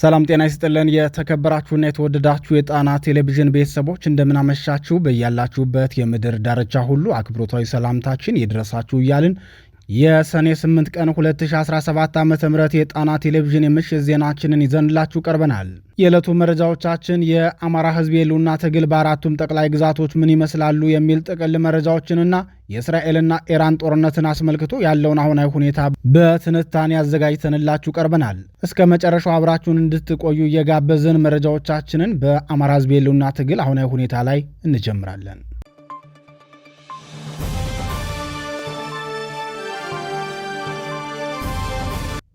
ሰላም ጤና ይስጥልን። የተከበራችሁና የተወደዳችሁ የጣና ቴሌቪዥን ቤተሰቦች እንደምናመሻችሁ፣ በያላችሁበት የምድር ዳርቻ ሁሉ አክብሮታዊ ሰላምታችን ይድረሳችሁ እያልን የሰኔ 8 ቀን 2017 ዓ ም የጣና ቴሌቪዥን የምሽት ዜናችንን ይዘንላችሁ ቀርበናል። የዕለቱ መረጃዎቻችን የአማራ ሕዝብ የሉና ትግል በአራቱም ጠቅላይ ግዛቶች ምን ይመስላሉ የሚል ጥቅል መረጃዎችንና የእስራኤልና ኢራን ጦርነትን አስመልክቶ ያለውን አሁናዊ ሁኔታ በትንታኔ አዘጋጅተንላችሁ ቀርበናል። እስከ መጨረሻው አብራችሁን እንድትቆዩ እየጋበዝን መረጃዎቻችንን በአማራ ሕዝብ የሉና ትግል አሁናዊ ሁኔታ ላይ እንጀምራለን።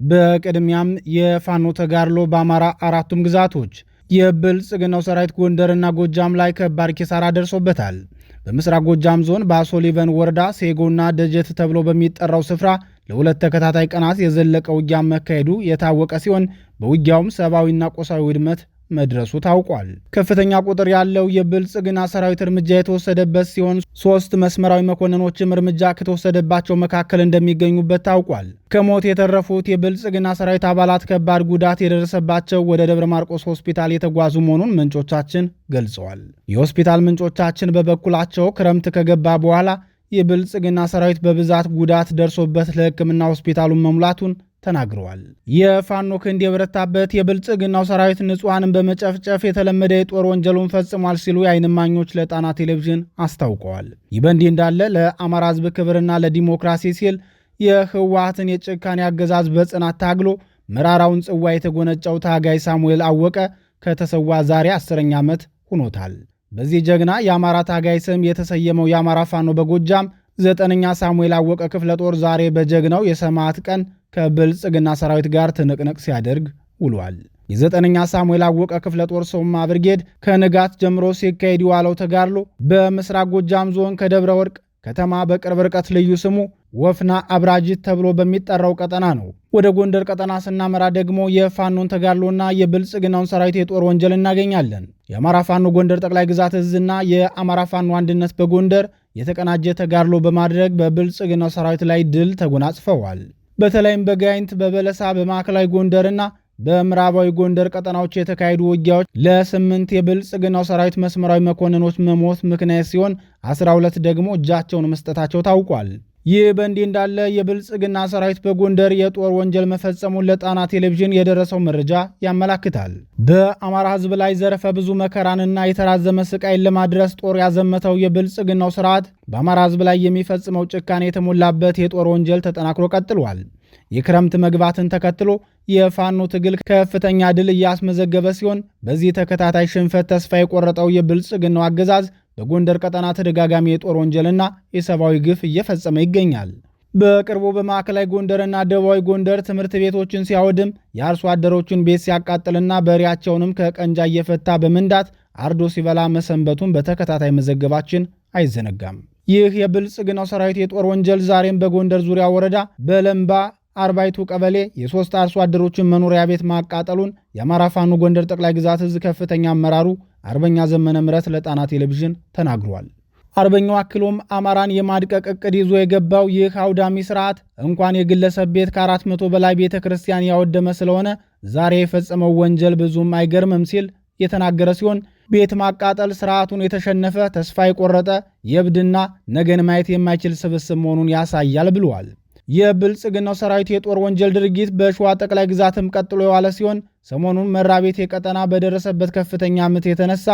በቅድሚያም የፋኖ ተጋድሎ በአማራ አራቱም ግዛቶች የብልጽግናው ሰራዊት ጎንደርና ጎጃም ላይ ከባድ ኪሳራ ደርሶበታል። በምስራቅ ጎጃም ዞን በአሶሊቨን ወረዳ ሴጎና ደጀት ተብሎ በሚጠራው ስፍራ ለሁለት ተከታታይ ቀናት የዘለቀ ውጊያ መካሄዱ የታወቀ ሲሆን በውጊያውም ሰብአዊና ቁሳዊ ውድመት መድረሱ ታውቋል። ከፍተኛ ቁጥር ያለው የብልጽግና ሰራዊት እርምጃ የተወሰደበት ሲሆን ሶስት መስመራዊ መኮንኖችም እርምጃ ከተወሰደባቸው መካከል እንደሚገኙበት ታውቋል። ከሞት የተረፉት የብልጽግና ሰራዊት አባላት ከባድ ጉዳት የደረሰባቸው ወደ ደብረ ማርቆስ ሆስፒታል የተጓዙ መሆኑን ምንጮቻችን ገልጸዋል። የሆስፒታል ምንጮቻችን በበኩላቸው ክረምት ከገባ በኋላ የብልጽግና ሰራዊት በብዛት ጉዳት ደርሶበት ለሕክምና ሆስፒታሉን መሙላቱን ተናግረዋል። የፋኖ ክንድ የበረታበት የብልጽግናው ሰራዊት ንጹሐንን በመጨፍጨፍ የተለመደ የጦር ወንጀሉን ፈጽሟል ሲሉ የዓይን እማኞች ለጣና ቴሌቪዥን አስታውቀዋል። ይህ በእንዲህ እንዳለ ለአማራ ሕዝብ ክብርና ለዲሞክራሲ ሲል የህወሓትን የጭካኔ አገዛዝ በጽናት ታግሎ መራራውን ጽዋ የተጎነጨው ታጋይ ሳሙኤል አወቀ ከተሰዋ ዛሬ አስረኛ ዓመት ሁኖታል። በዚህ ጀግና የአማራ ታጋይ ስም የተሰየመው የአማራ ፋኖ በጎጃም ዘጠነኛ ሳሙኤል አወቀ ክፍለ ጦር ዛሬ በጀግናው የሰማዕት ቀን ከብልጽግና ሰራዊት ጋር ትንቅንቅ ሲያደርግ ውሏል። የዘጠነኛ ሳሙኤል አወቀ ክፍለ ጦር ሶማ ብርጌድ ከንጋት ጀምሮ ሲካሄድ የዋለው ተጋድሎ በምስራቅ ጎጃም ዞን ከደብረ ወርቅ ከተማ በቅርብ ርቀት ልዩ ስሙ ወፍና አብራጅት ተብሎ በሚጠራው ቀጠና ነው። ወደ ጎንደር ቀጠና ስናመራ ደግሞ የፋኖን ተጋድሎና የብልጽግናውን ሰራዊት የጦር ወንጀል እናገኛለን። የአማራ ፋኖ ጎንደር ጠቅላይ ግዛት እዝና የአማራ ፋኖ አንድነት በጎንደር የተቀናጀ ተጋድሎ በማድረግ በብልጽግናው ሰራዊት ላይ ድል ተጎናጽፈዋል። በተለይም በጋይንት፣ በበለሳ፣ በማዕከላዊ ጎንደርና በምዕራባዊ ጎንደር ቀጠናዎች የተካሄዱ ውጊያዎች ለስምንት የብልጽግናው ሰራዊት መስመራዊ መኮንኖች መሞት ምክንያት ሲሆን አስራ ሁለት ደግሞ እጃቸውን መስጠታቸው ታውቋል። ይህ በእንዲህ እንዳለ የብልጽግና ሰራዊት በጎንደር የጦር ወንጀል መፈጸሙን ለጣና ቴሌቪዥን የደረሰው መረጃ ያመላክታል። በአማራ ሕዝብ ላይ ዘርፈ ብዙ መከራንና የተራዘመ ስቃይን ለማድረስ ጦር ያዘመተው የብልጽግናው ስርዓት በአማራ ሕዝብ ላይ የሚፈጽመው ጭካኔ የተሞላበት የጦር ወንጀል ተጠናክሮ ቀጥሏል። የክረምት መግባትን ተከትሎ የፋኖ ትግል ከፍተኛ ድል እያስመዘገበ ሲሆን በዚህ ተከታታይ ሽንፈት ተስፋ የቆረጠው የብልጽግናው አገዛዝ በጎንደር ቀጠና ተደጋጋሚ የጦር ወንጀልና የሰብአዊ ግፍ እየፈጸመ ይገኛል። በቅርቡ በማዕከላዊ ጎንደርና ደቡባዊ ጎንደር ትምህርት ቤቶችን ሲያወድም የአርሶ አደሮቹን ቤት ሲያቃጥልና በሬያቸውንም ከቀንጃ እየፈታ በመንዳት አርዶ ሲበላ መሰንበቱን በተከታታይ መዘገባችን አይዘነጋም። ይህ የብልጽግናው ሰራዊት የጦር ወንጀል ዛሬም በጎንደር ዙሪያ ወረዳ በለምባ አርባይቱ ቀበሌ የሶስት አርሶ አደሮችን መኖሪያ ቤት ማቃጠሉን የአማራ ፋኖ ጎንደር ጠቅላይ ግዛት እዝ ከፍተኛ አመራሩ አርበኛ ዘመነ ምረት ለጣና ቴሌቪዥን ተናግሯል። አርበኛው አክሎም አማራን የማድቀቅ እቅድ ይዞ የገባው ይህ አውዳሚ ስርዓት እንኳን የግለሰብ ቤት ከአራት መቶ በላይ ቤተ ክርስቲያን ያወደመ ስለሆነ ዛሬ የፈጸመው ወንጀል ብዙም አይገርምም ሲል የተናገረ ሲሆን ቤት ማቃጠል ስርዓቱን የተሸነፈ ተስፋ የቆረጠ የእብድና ነገን ማየት የማይችል ስብስብ መሆኑን ያሳያል ብለዋል። የብልጽግናው ሰራዊት የጦር ወንጀል ድርጊት በሸዋ ጠቅላይ ግዛትም ቀጥሎ የዋለ ሲሆን ሰሞኑን መራቤቴ ቀጠና በደረሰበት ከፍተኛ ምት የተነሳ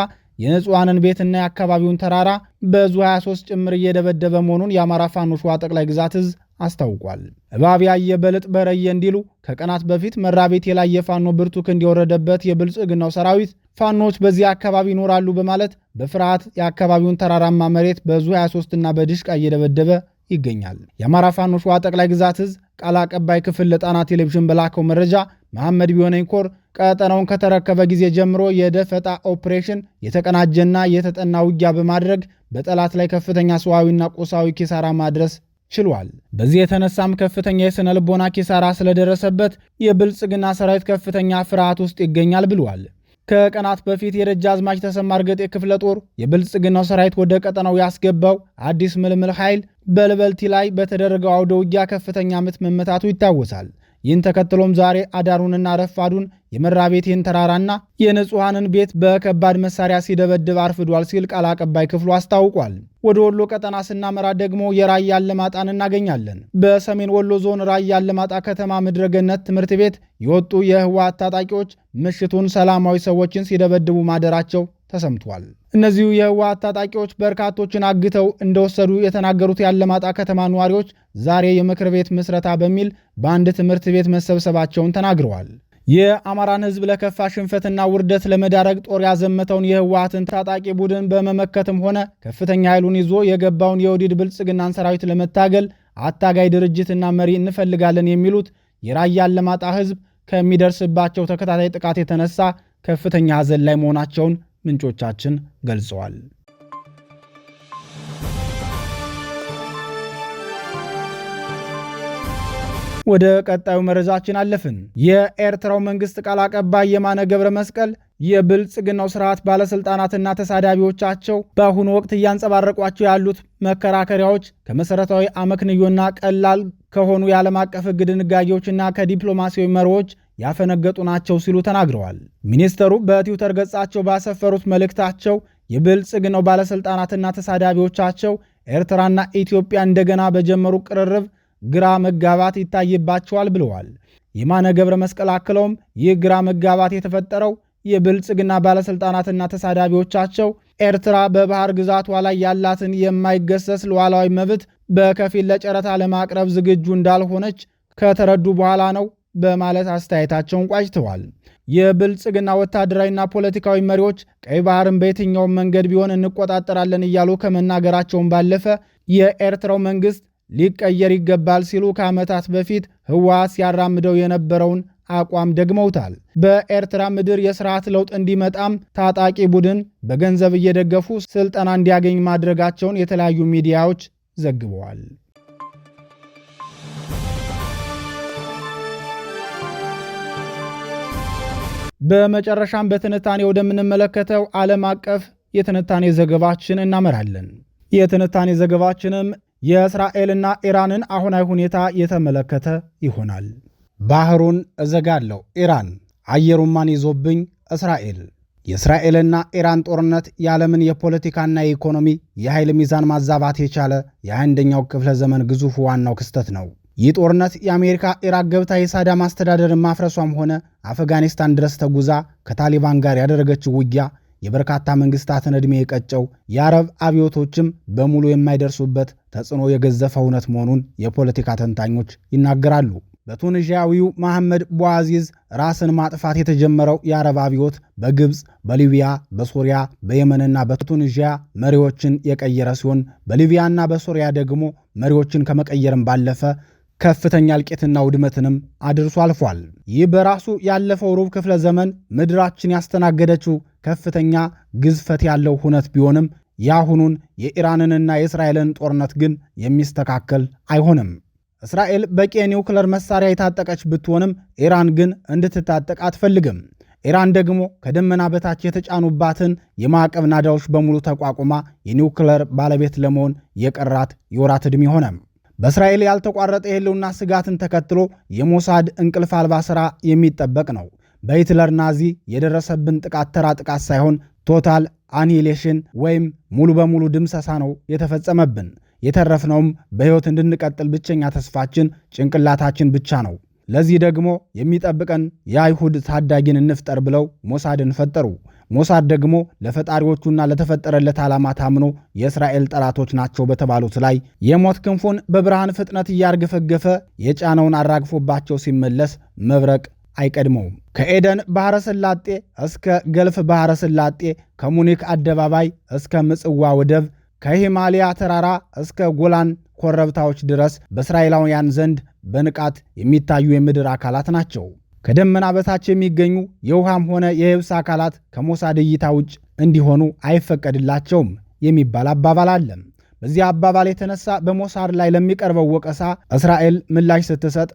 የንጹሐንን ቤትና የአካባቢውን ተራራ በዙ 23 ጭምር እየደበደበ መሆኑን የአማራ ፋኖ ሸዋ ጠቅላይ ግዛት እዝ አስታውቋል። እባብ ያየ በልጥ በረየ እንዲሉ ከቀናት በፊት መራቤቴ ላይ የፋኖ ብርቱ ክንድ የወረደበት የብልጽግናው ሰራዊት ፋኖች በዚህ አካባቢ ይኖራሉ በማለት በፍርሃት የአካባቢውን ተራራማ መሬት በዙ 23 ና በድሽቃ እየደበደበ ይገኛል። የአማራ ፋኖ ሸዋ ጠቅላይ ግዛት እዝ ቃል አቀባይ ክፍል ለጣና ቴሌቪዥን በላከው መረጃ መሐመድ ቢሆነኝ ኮር ቀጠናውን ከተረከበ ጊዜ ጀምሮ የደፈጣ ኦፕሬሽን የተቀናጀና የተጠና ውጊያ በማድረግ በጠላት ላይ ከፍተኛ ሰዋዊና ቁሳዊ ኪሳራ ማድረስ ችሏል። በዚህ የተነሳም ከፍተኛ የስነ ልቦና ኪሳራ ስለደረሰበት የብልጽግና ሰራዊት ከፍተኛ ፍርሃት ውስጥ ይገኛል ብሏል። ከቀናት በፊት የደጃዝማች ተሰማ እርገጤ ክፍለ ጦር የብልጽግናው ሰራዊት ወደ ቀጠናው ያስገባው አዲስ ምልምል ኃይል በልበልቲ ላይ በተደረገው አውደ ውጊያ ከፍተኛ ምት መመታቱ ይታወሳል። ይህን ተከትሎም ዛሬ አዳሩንና ረፋዱን የመራቤቴን ተራራና የንጹሐንን ቤት በከባድ መሳሪያ ሲደበድብ አርፍዷል ሲል ቃል አቀባይ ክፍሉ አስታውቋል። ወደ ወሎ ቀጠና ስናመራ ደግሞ የራያ አለማጣን እናገኛለን። በሰሜን ወሎ ዞን ራያ አለማጣ ከተማ ምድረገነት ትምህርት ቤት የወጡ የህወሓት ታጣቂዎች ምሽቱን ሰላማዊ ሰዎችን ሲደበድቡ ማደራቸው ተሰምቷል። እነዚሁ የህወሓት ታጣቂዎች በርካቶችን አግተው እንደወሰዱ የተናገሩት የአለማጣ ከተማ ነዋሪዎች ዛሬ የምክር ቤት ምስረታ በሚል በአንድ ትምህርት ቤት መሰብሰባቸውን ተናግረዋል። የአማራን ህዝብ ለከፋ ሽንፈትና ውርደት ለመዳረግ ጦር ያዘመተውን የህወሓትን ታጣቂ ቡድን በመመከትም ሆነ ከፍተኛ ኃይሉን ይዞ የገባውን የወዲድ ብልጽግናን ሰራዊት ለመታገል አታጋይ ድርጅትና መሪ እንፈልጋለን የሚሉት የራያ አለማጣ ህዝብ ከሚደርስባቸው ተከታታይ ጥቃት የተነሳ ከፍተኛ ሀዘን ላይ መሆናቸውን ምንጮቻችን ገልጸዋል። ወደ ቀጣዩ መረጃችን አለፍን። የኤርትራው መንግስት ቃል አቀባይ የማነ ገብረ መስቀል የብልጽግናው ስርዓት ባለስልጣናትና ተሳዳቢዎቻቸው በአሁኑ ወቅት እያንጸባረቋቸው ያሉት መከራከሪያዎች ከመሠረታዊ አመክንዮና ቀላል ከሆኑ የዓለም አቀፍ ሕግ ድንጋጌዎችና ከዲፕሎማሲያዊ መርሆች ያፈነገጡ ናቸው ሲሉ ተናግረዋል። ሚኒስተሩ በትዊተር ገጻቸው ባሰፈሩት መልእክታቸው የብልጽግናው ባለሥልጣናትና ተሳዳቢዎቻቸው ኤርትራና ኢትዮጵያ እንደገና በጀመሩ ቅርርብ ግራ መጋባት ይታይባቸዋል ብለዋል። የማነ ገብረ መስቀል አክለውም ይህ ግራ መጋባት የተፈጠረው የብልጽግና ባለሥልጣናትና ተሳዳቢዎቻቸው ኤርትራ በባህር ግዛቷ ላይ ያላትን የማይገሰስ ሉዓላዊ መብት በከፊል ለጨረታ ለማቅረብ ዝግጁ እንዳልሆነች ከተረዱ በኋላ ነው በማለት አስተያየታቸውን ቋጭተዋል። የብልጽግና ወታደራዊና ፖለቲካዊ መሪዎች ቀይ ባህርን በየትኛውም መንገድ ቢሆን እንቆጣጠራለን እያሉ ከመናገራቸውን ባለፈ የኤርትራው መንግስት ሊቀየር ይገባል ሲሉ ከዓመታት በፊት ህወሓት ሲያራምደው የነበረውን አቋም ደግመውታል። በኤርትራ ምድር የስርዓት ለውጥ እንዲመጣም ታጣቂ ቡድን በገንዘብ እየደገፉ ስልጠና እንዲያገኝ ማድረጋቸውን የተለያዩ ሚዲያዎች ዘግበዋል። በመጨረሻም በትንታኔ ወደምንመለከተው ዓለም አቀፍ የትንታኔ ዘገባችን እናመራለን። የትንታኔ ዘገባችንም የእስራኤልና ኢራንን አሁናዊ ሁኔታ የተመለከተ ይሆናል። ባህሩን እዘጋለሁ ኢራን፣ አየሩን ማን ይዞብኝ እስራኤል። የእስራኤልና ኢራን ጦርነት የዓለምን የፖለቲካና የኢኮኖሚ የኃይል ሚዛን ማዛባት የቻለ የአንደኛው ክፍለ ዘመን ግዙፍ ዋናው ክስተት ነው። ይህ ጦርነት የአሜሪካ ኢራቅ ገብታ የሳዳም አስተዳደርን ማፍረሷም ሆነ አፍጋኒስታን ድረስ ተጉዛ ከታሊባን ጋር ያደረገችው ውጊያ የበርካታ መንግስታትን ዕድሜ የቀጨው የአረብ አብዮቶችም በሙሉ የማይደርሱበት ተጽዕኖ የገዘፈ እውነት መሆኑን የፖለቲካ ተንታኞች ይናገራሉ። በቱኒዥያዊው መሐመድ ቦአዚዝ ራስን ማጥፋት የተጀመረው የአረብ አብዮት በግብፅ፣ በሊቢያ፣ በሶሪያ፣ በየመንና በቱኒዥያ መሪዎችን የቀየረ ሲሆን በሊቢያና በሶሪያ ደግሞ መሪዎችን ከመቀየርም ባለፈ ከፍተኛ እልቂትና ውድመትንም አድርሶ አልፏል። ይህ በራሱ ያለፈው ሩብ ክፍለ ዘመን ምድራችን ያስተናገደችው ከፍተኛ ግዝፈት ያለው ሁነት ቢሆንም የአሁኑን የኢራንንና የእስራኤልን ጦርነት ግን የሚስተካከል አይሆንም። እስራኤል በቂ የኒውክለር መሳሪያ የታጠቀች ብትሆንም ኢራን ግን እንድትታጠቅ አትፈልግም። ኢራን ደግሞ ከደመና በታች የተጫኑባትን የማዕቀብ ናዳዎች በሙሉ ተቋቁማ የኒውክለር ባለቤት ለመሆን የቀራት የወራት ዕድሜ ሆነም። በእስራኤል ያልተቋረጠ የህልውና ስጋትን ተከትሎ የሞሳድ እንቅልፍ አልባ ሥራ የሚጠበቅ ነው። በሂትለር ናዚ የደረሰብን ጥቃት ተራ ጥቃት ሳይሆን ቶታል አኒሌሽን ወይም ሙሉ በሙሉ ድምሰሳ ነው የተፈጸመብን። የተረፍነውም በሕይወት እንድንቀጥል ብቸኛ ተስፋችን ጭንቅላታችን ብቻ ነው። ለዚህ ደግሞ የሚጠብቀን የአይሁድ ታዳጊን እንፍጠር ብለው ሞሳድን ፈጠሩ። ሞሳድ ደግሞ ለፈጣሪዎቹና ለተፈጠረለት ዓላማ ታምኖ የእስራኤል ጠላቶች ናቸው በተባሉት ላይ የሞት ክንፉን በብርሃን ፍጥነት እያርገፈገፈ የጫነውን አራግፎባቸው ሲመለስ መብረቅ አይቀድመውም። ከኤደን ባሕረ ስላጤ እስከ ገልፍ ባሕረ ስላጤ ከሙኒክ አደባባይ እስከ ምጽዋ ወደብ፣ ከሂማሊያ ተራራ እስከ ጎላን ኮረብታዎች ድረስ በእስራኤላውያን ዘንድ በንቃት የሚታዩ የምድር አካላት ናቸው። ከደመና በታች የሚገኙ የውሃም ሆነ የየብስ አካላት ከሞሳድ እይታ ውጭ እንዲሆኑ አይፈቀድላቸውም የሚባል አባባል አለ። በዚህ አባባል የተነሳ በሞሳድ ላይ ለሚቀርበው ወቀሳ እስራኤል ምላሽ ስትሰጥ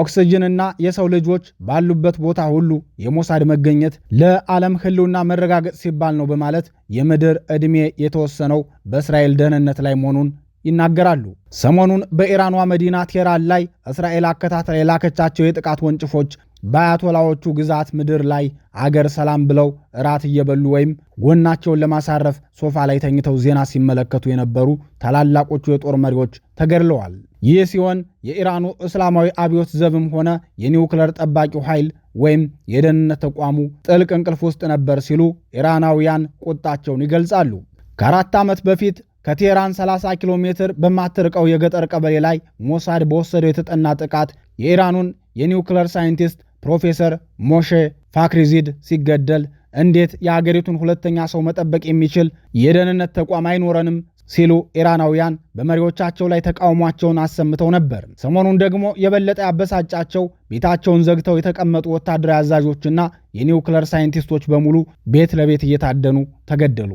ኦክስጅንና የሰው ልጆች ባሉበት ቦታ ሁሉ የሞሳድ መገኘት ለዓለም ሕልውና መረጋገጥ ሲባል ነው በማለት የምድር ዕድሜ የተወሰነው በእስራኤል ደህንነት ላይ መሆኑን ይናገራሉ። ሰሞኑን በኢራኗ መዲና ቴህራን ላይ እስራኤል አከታተል የላከቻቸው የጥቃት ወንጭፎች በአያቶላዎቹ ግዛት ምድር ላይ አገር ሰላም ብለው እራት እየበሉ ወይም ጎናቸውን ለማሳረፍ ሶፋ ላይ ተኝተው ዜና ሲመለከቱ የነበሩ ታላላቆቹ የጦር መሪዎች ተገድለዋል። ይህ ሲሆን የኢራኑ እስላማዊ አብዮት ዘብም ሆነ የኒውክለር ጠባቂው ኃይል ወይም የደህንነት ተቋሙ ጥልቅ እንቅልፍ ውስጥ ነበር ሲሉ ኢራናውያን ቁጣቸውን ይገልጻሉ። ከአራት ዓመት በፊት ከቴህራን 30 ኪሎ ሜትር በማትርቀው የገጠር ቀበሌ ላይ ሞሳድ በወሰደው የተጠና ጥቃት የኢራኑን የኒውክለር ሳይንቲስት ፕሮፌሰር ሞሼ ፋክሪዚድ ሲገደል እንዴት የአገሪቱን ሁለተኛ ሰው መጠበቅ የሚችል የደህንነት ተቋም አይኖረንም ሲሉ ኢራናውያን በመሪዎቻቸው ላይ ተቃውሟቸውን አሰምተው ነበር። ሰሞኑን ደግሞ የበለጠ ያበሳጫቸው ቤታቸውን ዘግተው የተቀመጡ ወታደራዊ አዛዦችና የኒውክለር ሳይንቲስቶች በሙሉ ቤት ለቤት እየታደኑ ተገደሉ።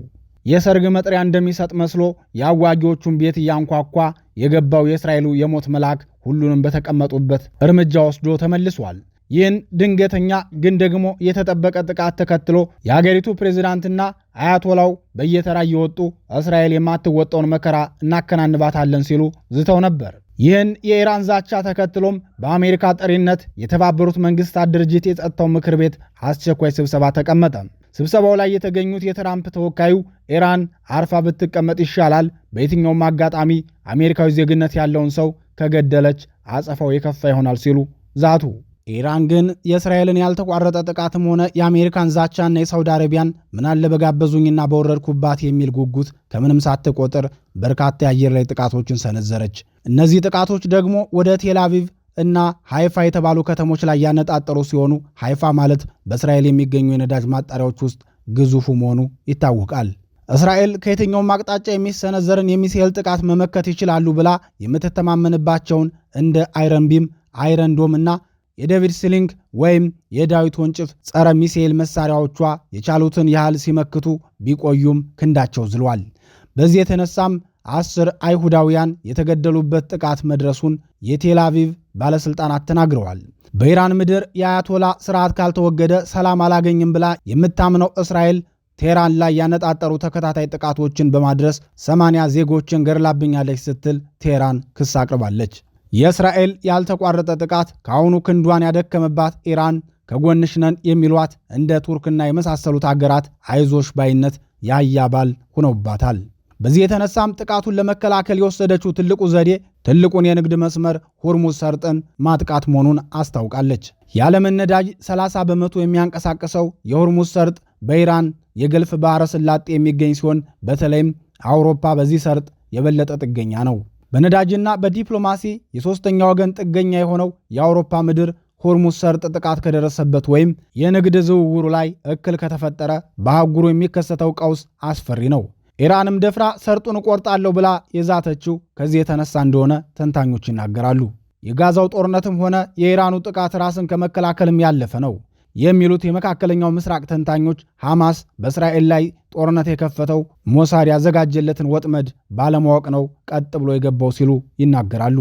የሰርግ መጥሪያ እንደሚሰጥ መስሎ የአዋጊዎቹን ቤት እያንኳኳ የገባው የእስራኤሉ የሞት መልአክ ሁሉንም በተቀመጡበት እርምጃ ወስዶ ተመልሷል። ይህን ድንገተኛ ግን ደግሞ የተጠበቀ ጥቃት ተከትሎ የአገሪቱ ፕሬዚዳንትና አያቶላው በየተራ እየወጡ እስራኤል የማትወጣውን መከራ እናከናንባታለን ሲሉ ዝተው ነበር። ይህን የኢራን ዛቻ ተከትሎም በአሜሪካ ጠሪነት የተባበሩት መንግስታት ድርጅት የጸጥታው ምክር ቤት አስቸኳይ ስብሰባ ተቀመጠ። ስብሰባው ላይ የተገኙት የትራምፕ ተወካዩ ኢራን አርፋ ብትቀመጥ ይሻላል፣ በየትኛውም አጋጣሚ አሜሪካዊ ዜግነት ያለውን ሰው ከገደለች አጸፋው የከፋ ይሆናል ሲሉ ዛቱ። ኢራን ግን የእስራኤልን ያልተቋረጠ ጥቃትም ሆነ የአሜሪካን ዛቻና የሳውዲ አረቢያን ምናለ በጋበዙኝና በወረድኩባት የሚል ጉጉት ከምንም ሳትቆጥር በርካታ የአየር ላይ ጥቃቶችን ሰነዘረች። እነዚህ ጥቃቶች ደግሞ ወደ ቴላቪቭ እና ሃይፋ የተባሉ ከተሞች ላይ ያነጣጠሩ ሲሆኑ ሃይፋ ማለት በእስራኤል የሚገኙ የነዳጅ ማጣሪያዎች ውስጥ ግዙፉ መሆኑ ይታወቃል። እስራኤል ከየትኛውም አቅጣጫ የሚሰነዘርን የሚሳኤል ጥቃት መመከት ይችላሉ ብላ የምትተማመንባቸውን እንደ አይረንቢም አይረንዶም እና የዴቪድ ስሊንግ ወይም የዳዊት ወንጭፍ ጸረ ሚሳኤል መሳሪያዎቿ የቻሉትን ያህል ሲመክቱ ቢቆዩም ክንዳቸው ዝሏል። በዚህ የተነሳም አስር አይሁዳውያን የተገደሉበት ጥቃት መድረሱን የቴል አቪቭ ባለሥልጣናት ተናግረዋል። በኢራን ምድር የአያቶላ ስርዓት ካልተወገደ ሰላም አላገኝም ብላ የምታምነው እስራኤል ቴህራን ላይ ያነጣጠሩ ተከታታይ ጥቃቶችን በማድረስ ሰማንያ ዜጎችን ገድላብኛለች ስትል ቴህራን ክስ አቅርባለች። የእስራኤል ያልተቋረጠ ጥቃት ከአሁኑ ክንዷን ያደከመባት ኢራን ከጎንሽ ነን የሚሏት እንደ ቱርክና የመሳሰሉት አገራት አይዞሽ ባይነት ያያባል ሆነውባታል። በዚህ የተነሳም ጥቃቱን ለመከላከል የወሰደችው ትልቁ ዘዴ ትልቁን የንግድ መስመር ሆርሙዝ ሰርጥን ማጥቃት መሆኑን አስታውቃለች። የዓለምን ነዳጅ 30 በመቶ የሚያንቀሳቅሰው የሆርሙዝ ሰርጥ በኢራን የገልፍ ባሕረ ስላጤ የሚገኝ ሲሆን በተለይም አውሮፓ በዚህ ሰርጥ የበለጠ ጥገኛ ነው። በነዳጅና በዲፕሎማሲ የሦስተኛ ወገን ጥገኛ የሆነው የአውሮፓ ምድር ሆርሙዝ ሰርጥ ጥቃት ከደረሰበት ወይም የንግድ ዝውውሩ ላይ እክል ከተፈጠረ በአህጉሩ የሚከሰተው ቀውስ አስፈሪ ነው። ኢራንም ደፍራ ሰርጡን እቆርጣለሁ ብላ የዛተችው ከዚህ የተነሳ እንደሆነ ተንታኞች ይናገራሉ። የጋዛው ጦርነትም ሆነ የኢራኑ ጥቃት ራስን ከመከላከልም ያለፈ ነው የሚሉት የመካከለኛው ምስራቅ ተንታኞች ሐማስ በእስራኤል ላይ ጦርነት የከፈተው ሞሳድ ያዘጋጀለትን ወጥመድ ባለማወቅ ነው ቀጥ ብሎ የገባው ሲሉ ይናገራሉ።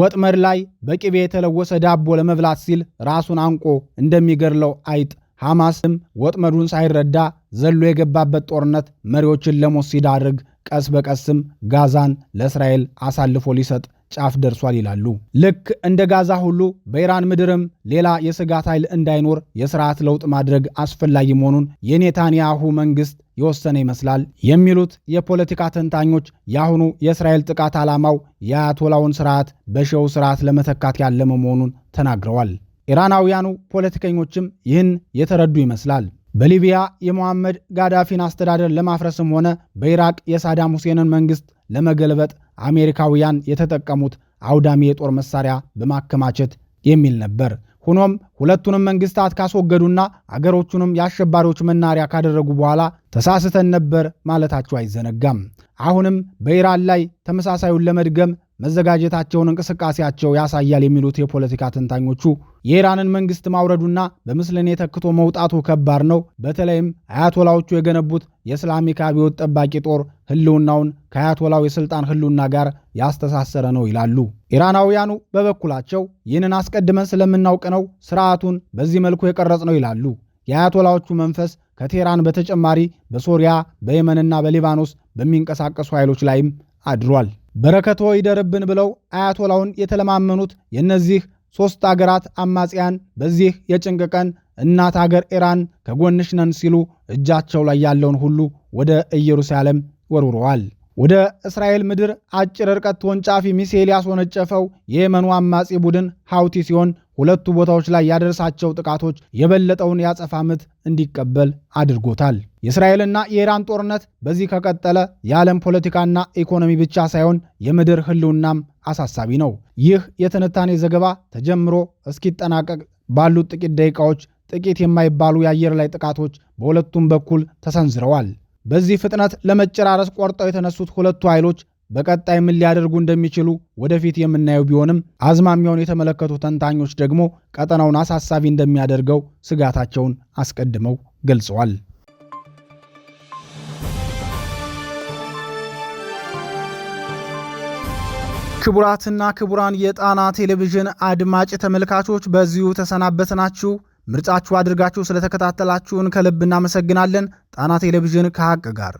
ወጥመድ ላይ በቅቤ የተለወሰ ዳቦ ለመብላት ሲል ራሱን አንቆ እንደሚገድለው አይጥ ሐማስም ወጥመዱን ሳይረዳ ዘሎ የገባበት ጦርነት መሪዎችን ለሞት ሲዳርግ ቀስ በቀስም ጋዛን ለእስራኤል አሳልፎ ሊሰጥ ጫፍ ደርሷል ይላሉ። ልክ እንደ ጋዛ ሁሉ በኢራን ምድርም ሌላ የስጋት ኃይል እንዳይኖር የስርዓት ለውጥ ማድረግ አስፈላጊ መሆኑን የኔታንያሁ መንግስት የወሰነ ይመስላል የሚሉት የፖለቲካ ተንታኞች የአሁኑ የእስራኤል ጥቃት ዓላማው የአያቶላውን ስርዓት በሸው ስርዓት ለመተካት ያለመ መሆኑን ተናግረዋል። ኢራናውያኑ ፖለቲከኞችም ይህን የተረዱ ይመስላል። በሊቢያ የሞሐመድ ጋዳፊን አስተዳደር ለማፍረስም ሆነ በኢራቅ የሳዳም ሁሴንን መንግስት ለመገልበጥ አሜሪካውያን የተጠቀሙት አውዳሚ የጦር መሳሪያ በማከማቸት የሚል ነበር። ሆኖም ሁለቱንም መንግስታት ካስወገዱና አገሮቹንም የአሸባሪዎች መናሪያ ካደረጉ በኋላ ተሳስተን ነበር ማለታቸው አይዘነጋም። አሁንም በኢራን ላይ ተመሳሳዩን ለመድገም መዘጋጀታቸውን እንቅስቃሴያቸው ያሳያል የሚሉት የፖለቲካ ተንታኞቹ የኢራንን መንግስት ማውረዱና በምስልን የተክቶ መውጣቱ ከባድ ነው። በተለይም አያቶላዎቹ የገነቡት የእስላሚክ አብዮት ጠባቂ ጦር ህልውናውን ከአያቶላው የስልጣን ህልውና ጋር ያስተሳሰረ ነው ይላሉ። ኢራናውያኑ በበኩላቸው ይህንን አስቀድመን ስለምናውቅ ነው ስርዓቱን በዚህ መልኩ የቀረጽ ነው ይላሉ። የአያቶላዎቹ መንፈስ ከቴህራን በተጨማሪ በሶሪያ በየመንና በሊባኖስ በሚንቀሳቀሱ ኃይሎች ላይም አድሯል። በረከቶ ይደርብን ብለው አያቶላውን የተለማመኑት የእነዚህ ሦስት አገራት አማጽያን በዚህ የጭንቅ ቀን እናት አገር ኢራን ከጎንሽ ነን ሲሉ እጃቸው ላይ ያለውን ሁሉ ወደ ኢየሩሳሌም ወርውረዋል። ወደ እስራኤል ምድር አጭር ርቀት ወንጫፊ ሚሳኤል ያስወነጨፈው የየመኑ አማጺ ቡድን ሐውቲ ሲሆን ሁለቱ ቦታዎች ላይ ያደረሳቸው ጥቃቶች የበለጠውን የአጸፋ ምት እንዲቀበል አድርጎታል። የእስራኤልና የኢራን ጦርነት በዚህ ከቀጠለ የዓለም ፖለቲካና ኢኮኖሚ ብቻ ሳይሆን የምድር ሕልውናም አሳሳቢ ነው። ይህ የትንታኔ ዘገባ ተጀምሮ እስኪጠናቀቅ ባሉት ጥቂት ደቂቃዎች ጥቂት የማይባሉ የአየር ላይ ጥቃቶች በሁለቱም በኩል ተሰንዝረዋል። በዚህ ፍጥነት ለመጨራረስ ቆርጠው የተነሱት ሁለቱ ኃይሎች በቀጣይ ምን ሊያደርጉ እንደሚችሉ ወደፊት የምናየው ቢሆንም አዝማሚያውን የተመለከቱ ተንታኞች ደግሞ ቀጠናውን አሳሳቢ እንደሚያደርገው ስጋታቸውን አስቀድመው ገልጸዋል። ክቡራትና ክቡራን የጣና ቴሌቪዥን አድማጭ ተመልካቾች በዚሁ ተሰናበትናችሁ። ምርጫችሁ አድርጋችሁ ስለተከታተላችሁን ከልብ እናመሰግናለን። ጣና ቴሌቪዥን ከሀቅ ጋር